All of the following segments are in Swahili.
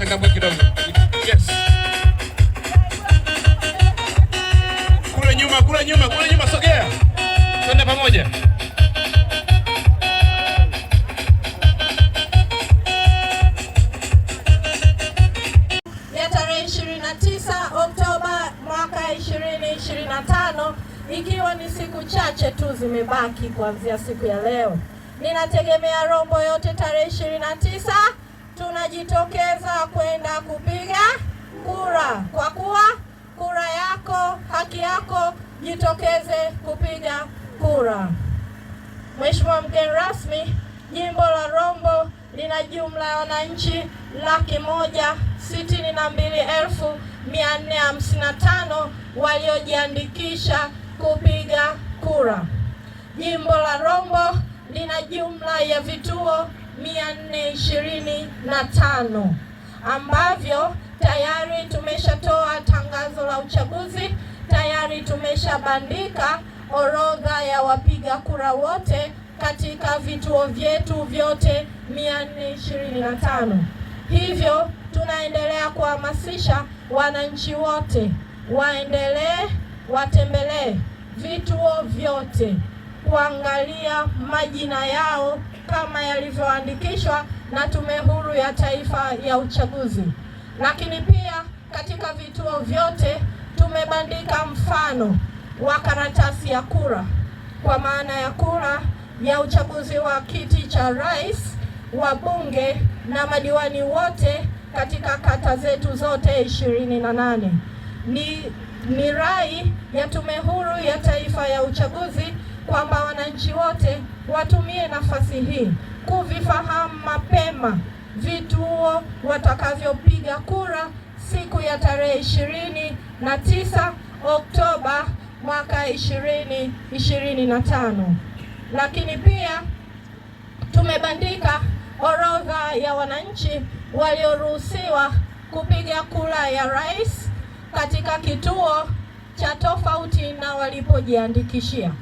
changamoto kidogo. Yes. Kule nyuma, kule nyuma, kule nyuma sogea. Twende pamoja. tarehe 29 Oktoba mwaka 2025 ikiwa ni siku chache tu zimebaki kuanzia siku ya leo. Ninategemea Rombo yote tarehe 29 tunajitokeza kwenda kupiga kura. Kwa kuwa kura yako haki yako, jitokeze kupiga kura. Mheshimiwa mgeni rasmi, jimbo la Rombo lina jumla ya wananchi laki moja sitini na mbili elfu mia nne hamsini na tano waliojiandikisha kupiga kura. Jimbo la Rombo lina jumla ya vituo 425 ambavyo tayari tumeshatoa tangazo la uchaguzi, tayari tumeshabandika orodha ya wapiga kura wote katika vituo vyetu vyote 425. Hivyo tunaendelea kuhamasisha wananchi wote waendelee, watembelee vituo vyote kuangalia majina yao kama yalivyoandikishwa na Tume Huru ya Taifa ya Uchaguzi. Lakini pia katika vituo vyote tumebandika mfano wa karatasi ya kura, kwa maana ya kura ya uchaguzi wa kiti cha rais, wa bunge na madiwani wote katika kata zetu zote ishirini na nane. Ni, ni rai ya Tume Huru ya Taifa ya Uchaguzi kwamba wananchi wote watumie nafasi hii kuvifahamu mapema vituo watakavyopiga kura siku ya tarehe ishirini na tisa Oktoba mwaka ishirini ishirini na tano. Lakini pia tumebandika orodha ya wananchi walioruhusiwa kupiga kura ya rais katika kituo cha tofauti na walipojiandikishia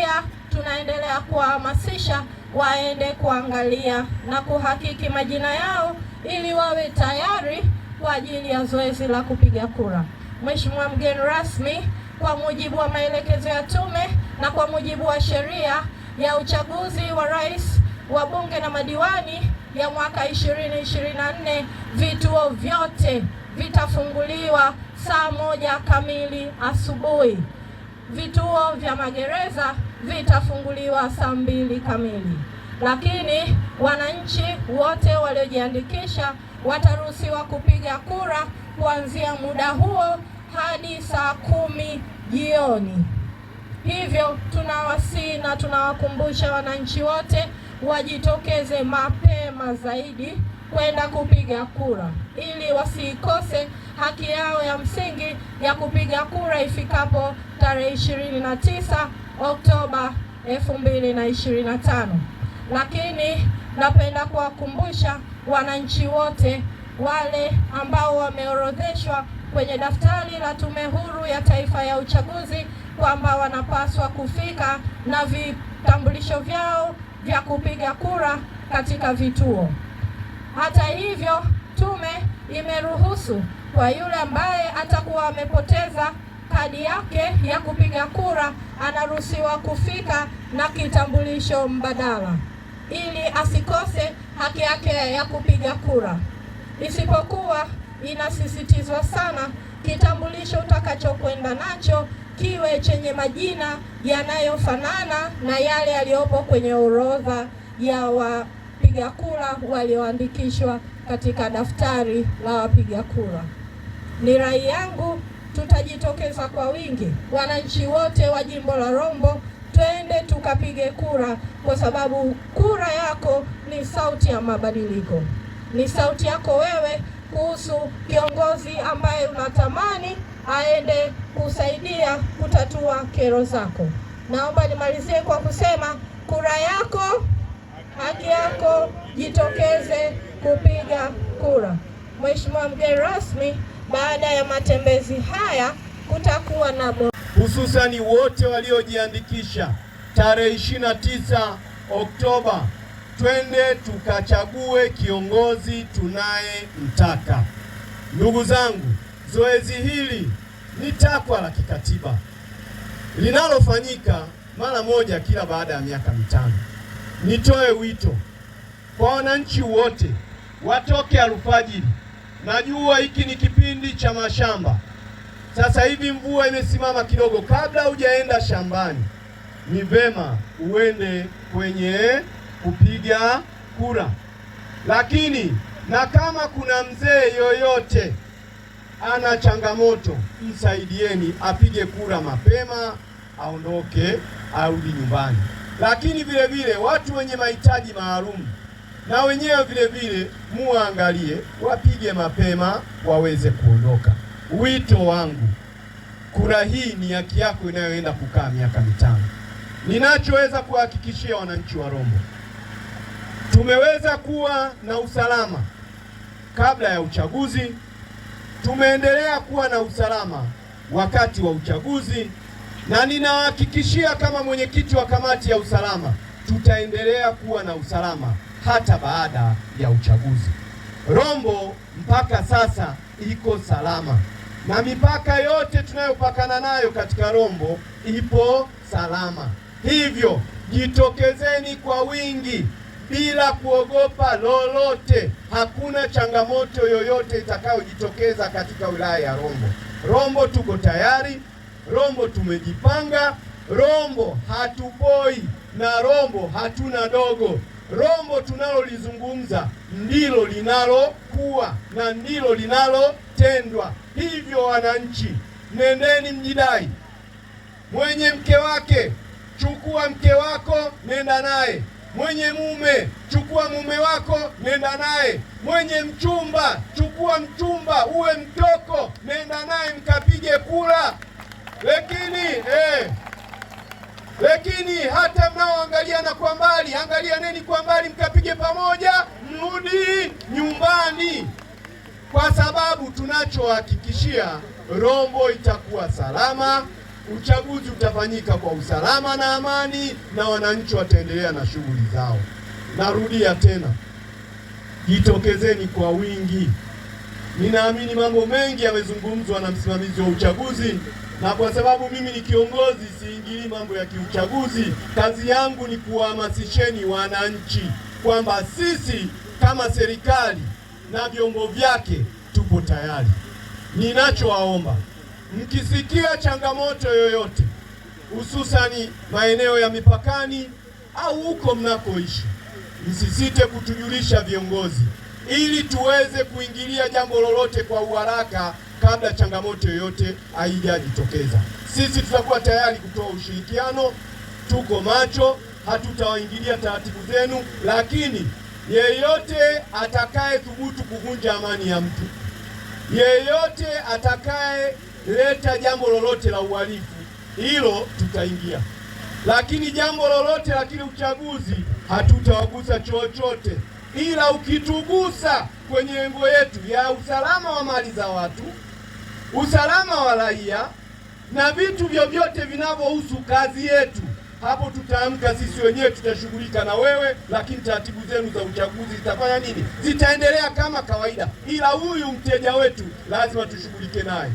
pia tunaendelea kuwahamasisha waende kuangalia na kuhakiki majina yao ili wawe tayari kwa ajili ya zoezi la kupiga kura. Mheshimiwa mgeni rasmi, kwa mujibu wa maelekezo ya tume na kwa mujibu wa sheria ya uchaguzi wa rais, wa bunge na madiwani ya mwaka 2024 vituo vyote vitafunguliwa saa moja kamili asubuhi. Vituo vya magereza vitafunguliwa saa mbili kamili, lakini wananchi wote waliojiandikisha wataruhusiwa kupiga kura kuanzia muda huo hadi saa kumi jioni. Hivyo tunawasihi na tunawakumbusha wananchi wote wajitokeze mapema zaidi kwenda kupiga kura ili wasiikose haki yao ya msingi ya kupiga kura ifikapo tarehe ishirini na tisa Oktoba 2025. Lakini napenda kuwakumbusha wananchi wote wale ambao wameorodheshwa kwenye daftari la Tume Huru ya Taifa ya Uchaguzi kwamba wanapaswa kufika na vitambulisho vyao vya kupiga kura katika vituo. Hata hivyo, tume imeruhusu kwa yule ambaye atakuwa amepoteza kadi yake ya kupiga kura anaruhusiwa kufika na kitambulisho mbadala ili asikose haki yake ya kupiga kura. Isipokuwa inasisitizwa sana kitambulisho utakachokwenda nacho kiwe chenye majina yanayofanana na yale yaliyopo kwenye orodha ya wapiga kura walioandikishwa katika daftari la wapiga kura. Ni rai yangu tutajitokeza kwa wingi, wananchi wote wa jimbo la Rombo, twende tukapige kura, kwa sababu kura yako ni sauti ya mabadiliko, ni sauti yako wewe kuhusu kiongozi ambaye unatamani aende kusaidia kutatua kero zako. Naomba nimalizie kwa kusema kura yako, haki yako, jitokeze kupiga kura. Mheshimiwa mgeni rasmi baada ya matembezi haya kutakuwa na hususani wote waliojiandikisha tarehe 29 Oktoba, twende tukachague kiongozi tunayemtaka. Ndugu zangu, zoezi hili ni takwa la kikatiba linalofanyika mara moja kila baada ya miaka mitano. Nitoe wito kwa wananchi wote watoke alfajiri Najua hiki ni kipindi cha mashamba. Sasa hivi mvua imesimama kidogo, kabla hujaenda shambani, ni vema uende kwenye kupiga kura. Lakini na kama kuna mzee yoyote ana changamoto, msaidieni apige kura mapema, aondoke, arudi nyumbani. Lakini vile vile watu wenye mahitaji maalum na wenyewe vile vile muangalie, wapige mapema waweze kuondoka. Wito wangu, kura hii ni haki yako inayoenda kukaa miaka mitano. Ninachoweza kuhakikishia wananchi wa Rombo, tumeweza kuwa na usalama kabla ya uchaguzi, tumeendelea kuwa na usalama wakati wa uchaguzi, na ninahakikishia kama mwenyekiti wa kamati ya usalama, tutaendelea kuwa na usalama hata baada ya uchaguzi. Rombo mpaka sasa iko salama na mipaka yote tunayopakana nayo katika Rombo ipo salama. Hivyo jitokezeni kwa wingi bila kuogopa lolote. Hakuna changamoto yoyote itakayojitokeza katika wilaya ya Rombo. Rombo tuko tayari, Rombo tumejipanga, Rombo hatupoi na Rombo hatuna dogo. Rombo tunalolizungumza ndilo linalokuwa na ndilo linalotendwa. Hivyo wananchi, nendeni mjidai. Mwenye mke wake, chukua mke wako, nenda naye. Mwenye mume, chukua mume wako, nenda naye. Mwenye mchumba, chukua mchumba, uwe mtoko, nenda naye mkapige kura, lakini eh, lakini hata mnaoangaliana kwa mbali, angalianeni kwa mbali, mkapige pamoja, mrudi nyumbani, kwa sababu tunachohakikishia Rombo itakuwa salama, uchaguzi utafanyika kwa usalama na amani, na wananchi wataendelea na shughuli zao. Narudia tena, jitokezeni kwa wingi. Ninaamini mambo mengi yamezungumzwa na msimamizi wa uchaguzi na kwa sababu mimi ni kiongozi, siingili mambo ya kiuchaguzi. Kazi yangu ni kuwahamasisheni wananchi kwamba sisi kama serikali na vyombo vyake tupo tayari. Ninachowaomba, mkisikia changamoto yoyote, hususani maeneo ya mipakani au huko mnakoishi, msisite kutujulisha viongozi, ili tuweze kuingilia jambo lolote kwa uharaka kabla changamoto yoyote haijajitokeza. Sisi tutakuwa tayari kutoa ushirikiano, tuko macho, hatutawaingilia taratibu zenu, lakini yeyote atakaye thubutu kuvunja amani ya mtu, yeyote atakayeleta jambo lolote la uhalifu, hilo tutaingia, lakini jambo lolote lakini uchaguzi hatutawagusa chochote, ila ukitugusa kwenye engo yetu ya usalama wa mali za watu usalama wa raia na vitu vyovyote vinavyohusu kazi yetu. Hapo tutaamka sisi wenyewe, tutashughulika na wewe, lakini taratibu zenu za uchaguzi zitafanya nini? Zitaendelea kama kawaida, ila huyu mteja wetu lazima tushughulike naye,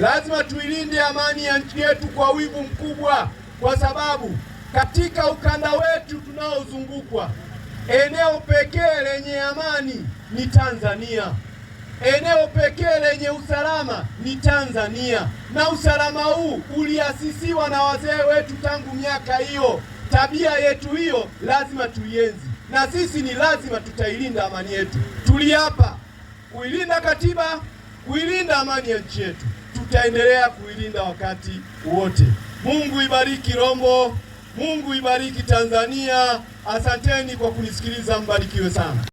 lazima tuilinde amani ya nchi yetu kwa wivu mkubwa, kwa sababu katika ukanda wetu tunaozungukwa, eneo pekee lenye amani ni Tanzania. Eneo pekee lenye usalama ni Tanzania, na usalama huu uliasisiwa na wazee wetu tangu miaka hiyo. Tabia yetu hiyo lazima tuienzi, na sisi ni lazima tutailinda amani yetu. Tuliapa kuilinda katiba, kuilinda amani ya nchi yetu, tutaendelea kuilinda wakati wote. Mungu ibariki Rombo, Mungu ibariki Tanzania. Asanteni kwa kunisikiliza, mbarikiwe sana.